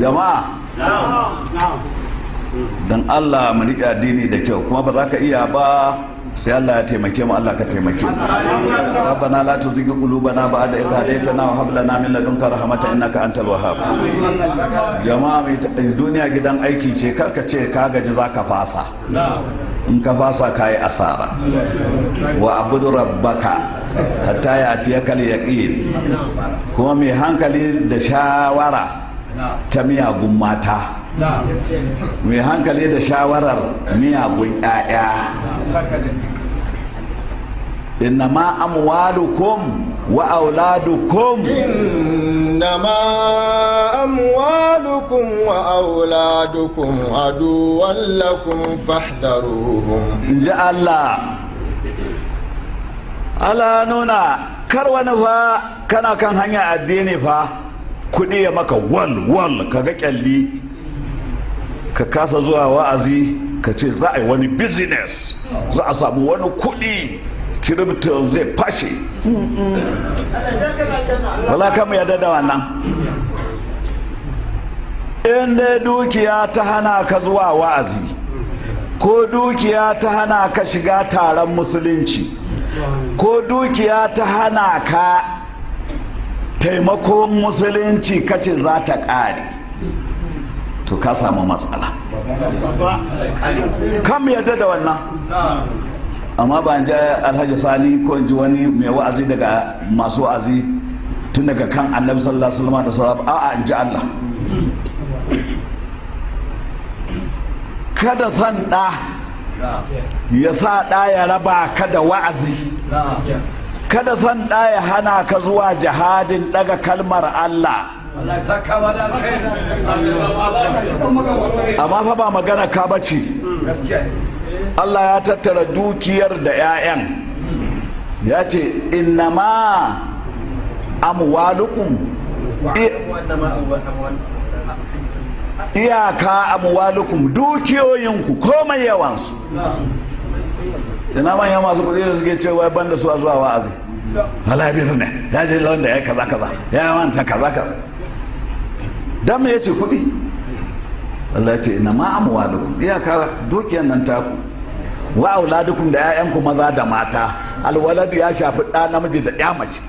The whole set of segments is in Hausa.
jama'a don Allah mu riƙe addini da kyau kuma ba za ka iya ba sai Allah ya taimake mu Allah ka taimake mu rabbana la tuzigh qulubana ba'da idh hadaytana wa hab lana min ladunka rahmatan innaka antal wahhab jama'a mai eh, duniya gidan aiki ce karka ce ka gaji zaka fasa in ka fasa kayi asara wa abudu rabbaka hatta ya atiyaka yaqin kuma mai hankali da shawara ta miyagun mata mai hankali da shawarar miyagun 'ya'ya inna ma amwalukum wa auladukum inna ma amwalukum wa auladukum aduwan lakum fahdaruhum inji Allah Allah nuna kar wani fa kana kan hanyar addini fa kuɗi ya maka wal wal ka ga kyalli ka kasa zuwa wa'azi ka ce za a yi wani business za a samu wani kuɗi kiripto zai fashe wala kama ya dada wannan in dai dukiya ta hana ka zuwa wa'azi ko dukiya ta hana ka shiga taron musulunci ko dukiya ta hana ka taimakon musulunci kace za ta kare to ka samu matsala kam yadda da wannan amma ba ji alhaji sani ko ji wani mai wa'azi daga masu wa'azi tun daga kan annabi sallallahu alaihi wasallam da sauran a'a in ji Allah kada san ɗa ya sa ɗa ya raba ka da wa'azi kada san ɗaya hana ka zuwa jihadin ɗaga kalmar Allah amma fa ba magana ka bace Allah ya tattara dukiyar da 'ya'yan ya ce innama amwalukum iyaka amwalukum dukiyoyinku komai yawansu ina manya masu kuɗi da suke cewa ban da su a zuwa wa'azi wala ne. ya je lawan da ya kaza kaza ya manta kaza kaza dan me yace kudi Allah ya ce ina ma amwalukum iyaka dukiyan nan taku wa auladukum da ku maza da mata alwaladu ya shafi ɗa namiji da 'ya mace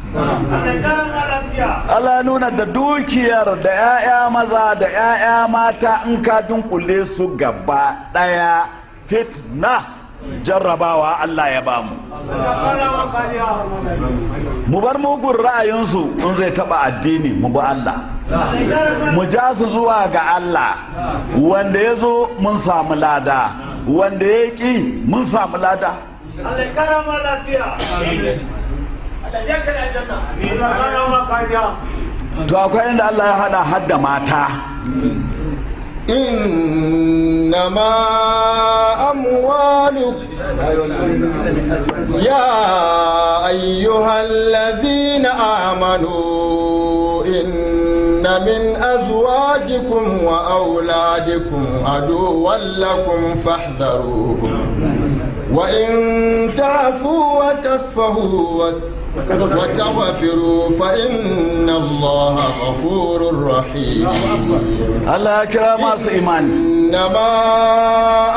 Allah ya nuna da dukiyar da 'ya'ya maza da 'ya'ya mata in ka dunkule su gaba ɗaya fitna jarrabawa Allah ya bamu mu bar mugun ra'ayinsu in zai taba addini mu bi Allah mu ja su zuwa ga Allah wanda ya zo mun samu lada wanda ya ƙi mun samu lada to akwai inda Allah ya hada hadda mata ma يا أيها الذين آمنوا إن من أزواجكم وأولادكم عدوا لكم فاحذروهم وإن تعفوا وتصفهوا وتغفروا فإن الله غفور رحيم الله أكرم إيماني إنما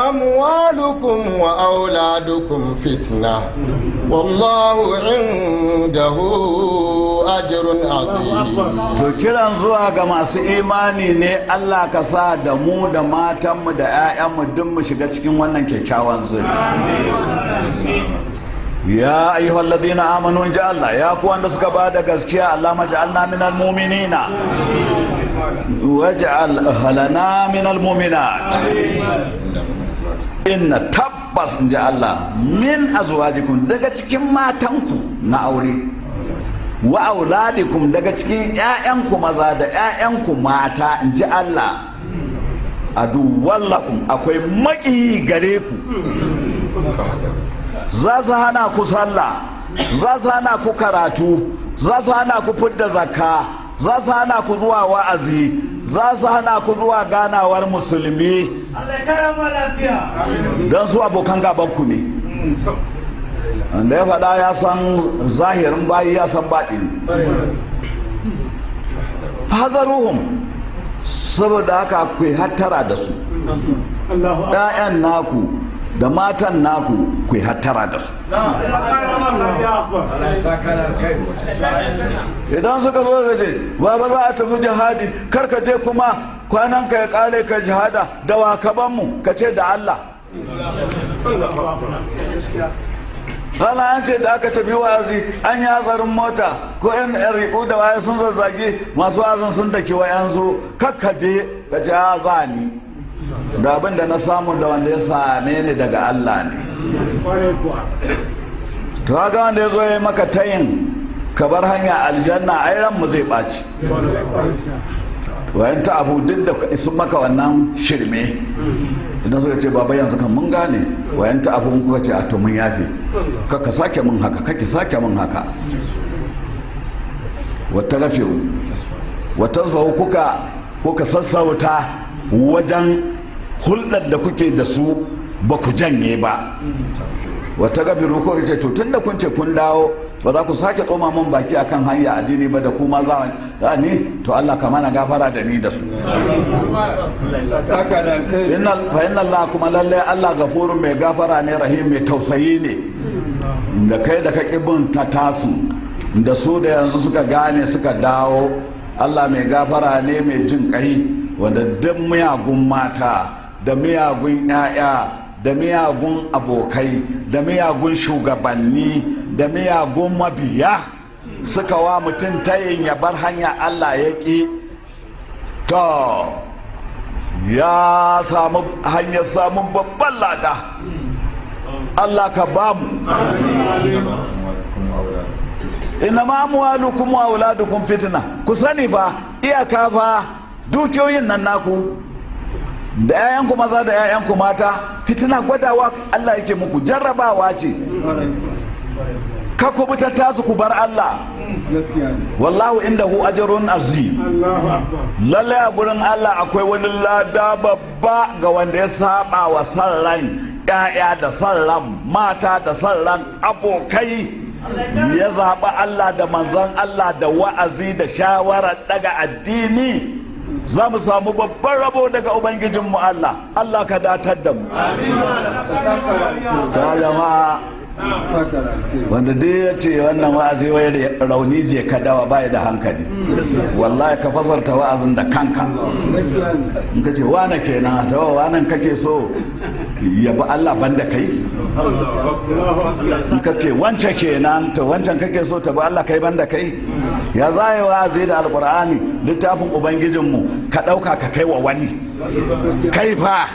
أموالكم وأولادكم فتنة والله عنده أجر عظيم to kiran zuwa ga masu imani ne Allah ka sa da mu da matanmu da mu duk mu shiga cikin wannan kyakkyawan zuri ya ayyuhal ladina amanu in ji Allah ya wanda suka ba da gaskiya Allah maja'alna minal mu'minina waj'al ahlana min almu'minat inna tabbas inji Allah min azwajikum daga cikin matanku na aure wa auladikum daga cikin ƴaƴanku maza da ƴaƴanku mata inji Allah wallakum akwai maƙiyi gare ku za su hana ku sallah za su hana ku karatu za su hana ku fidda zakka za su hana ku zuwa wa'azi za su hana ku zuwa ganawar musulmi don su abokan gabanku ne da ya faɗa ya san zahirin bayi ya san ne fazaruhun saboda haka kai hattara da su ɗayan naku da matan naku ku hattara da su idan suka zo da ce ba ba za a tafi jihadi karka je kuma kwanan ka ya kare ka jihada da wakaban mu ka ce da Allah rana an ce da aka tafi wa'azi an yi azarin mota ko yan riƙo da waye sun zazzage masu wa'azin sun daki wa'yansu je ka ja za ni da abin da na samu da wanda ya same ni daga Allah ne to ga wanda ya zo ya maka tayin ka bar hanya aljanna ai ran mu zai ɓaci wayan ta abu duk da su maka wannan shirme idan suka ce baba yanzu kan mun gane wayan ta abu kuka ce a to mun yafe Ka sake mun haka ka ki sake mun haka wata rafi'u wata zuwa kuka kuka sassauta wajen hulɗar da kuke da su ba ku janye ba wata ruko ko ce tun da kun ce kun dawo ba za ku sake tsoma mun baki akan hanya addini ba da kuma za ne to Allah ka mana gafara da ni da su fa inna Allah kuma lallai Allah gafurun mai gafara ne rahim mai tausayi ne da kai da ka kibin ta tasu da su da yanzu suka gane suka dawo Allah mai gafara ne mai jin kai wanda duk miyagun mata da miyagun 'ya'ya da miyagun abokai da miyagun shugabanni da miyagun mabiya suka wa mutum tayin ya bar hanya allah ya ƙi to ya samu hanyar samun babban lada allah ka ba mu inama amwalukum wa auladukum fitina ku sani fa iyaka fa dukiyoyin nan naku da 'ya'yanku maza da 'ya'yanku mata fitina gwadawa Allah yake muku jarrabawa ce ka ku bi tasu ku bar Allah wallahu inda hu ajarun azim lallai a gurin Allah akwai wani lada babba ga wanda ya saba wa san ran 'ya'ya da san ran mata da san ran abokai ya zaɓi Allah da manzon Allah da wa'azi da shawarar daga addini za mu samu babban rabo daga ubangijinmu Allah Allah ka datar da mu. Amin. wanda dai ya ce wannan wa'azi wai rauni je ka dawa bai da hankali wallahi ka fasarta wa'azin da kanka in ka ce wane kenan tawa oh, wanan kake so ya bi Allah ban da kai in ka ce wance kenan to wancan kake so ta bi Allah kai da kai ya zaye wa'azi da alqur'ani littafin ubangijinmu ka dauka ka kai wa wani kai fa